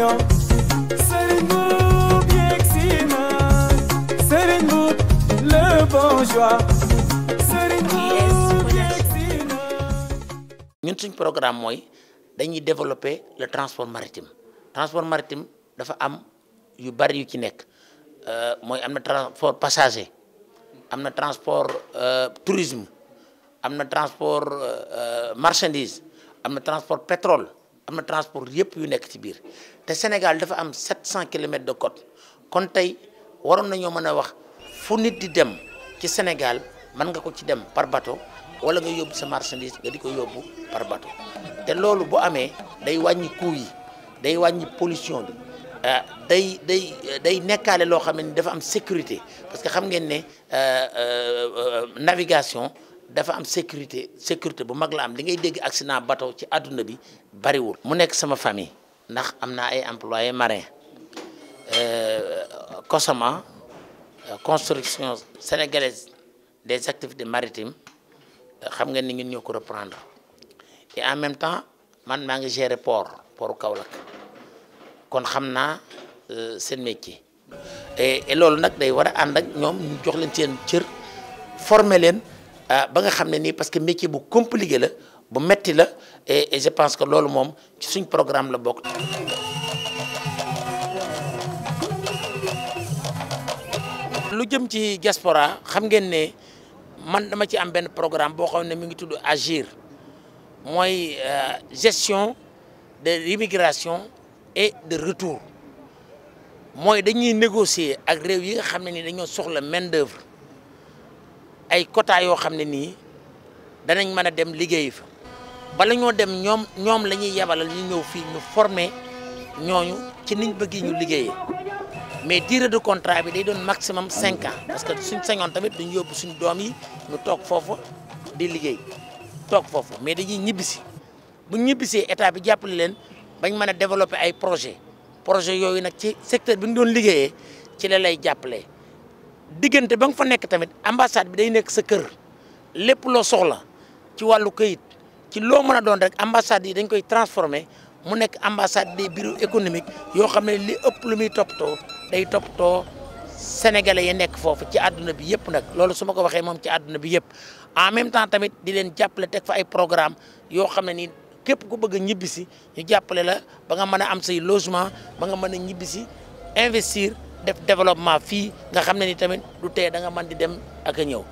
Nous avons un programme qui dañuy développer le transport maritime transport maritime dafa am yu bari yu ci nek. Euh, transport passager amna transport euh, tourisme amna transport euh, marchandise marchandises transport pétrole am na transport yëpp yu nekk ci biir te Sénégal dafa am 700 km de côte kon tey waroon nañoo mën a wax fu nit di dem ci Sénégal man nga ko ci dem par bateau wala nga yóbbu sa marchandise nga di ko yóbbu par bateau te loolu bu amee day wàññi coût yi day wàññi pollution bi euh, day day day nekkaale loo xam ne dafa am sécurité parce que xam ngeen ne euh, euh, navigation. dafa am sécurité sécurité bu mag la am li ngay dégg accident bateau ci àdduna bi bariwul. mu nekk sama famille ndax am naa ay employés marins COSAMA euh, euh, construction sénégalaise des activités maritime euh, xam nga ni ñun ñoo ko reprendre et en même temps man maa ngi gérer port portu Kaolack kon xam naa seen métier. et loolu nag day war a ànd ak ñoom ñu jox leen seen cër former leen. Euh, ba nga parce que métier compliqué et je pense que ce qui est le programme la diaspora xam suis programme qui agir euh, gestion de l'immigration et de retour moi négocier ak réew yi main d'œuvre ay quota yo xamné ni nii danañ mëna dem liggéey fa ba lañu dem ñom ñom lañuy ñuy yebalal ñu ñëw fi ñu former ñoñu ci niñ bëgg ñu liggéey mais durée de contrat bi day doon maximum 5 ans parce que suñ sañon tamit dañu yóbbu suñ doom yi ñu tok fofu di liggéey tok fofu mais dañuy ñibisi bu ñibbisee état bi jàppale leen bañ mëna développer ay projet projet yoyu nak ci secteur bi ñu doon liggéeyee ci la lay jappalé diggante ba nga fa nekk tamit ambassade bi day nekk sa kër lépp loo soxla ci wàllu kayit ci loo mën a doon rek ambassade yi dañ koy transformer mu nekk ambassade des bureaux économiques yoo xam ne li ëpp lu muy toppatoo day toppatoo sénégalais yi nekk foofu ci àdduna bi yëpp nag loolu su ma ko waxee moom ci àdduna bi yëpp en même temps tamit di leen jàppale teg fa ay programme yoo xam ne nii képp ku bëgg a ñibbisi ñu jàppale la ba nga mën a am say logement ba nga mën a ñibbisi investir def développement fi nga xam ne ni tamit du tee da nga di dem ak a ñëw.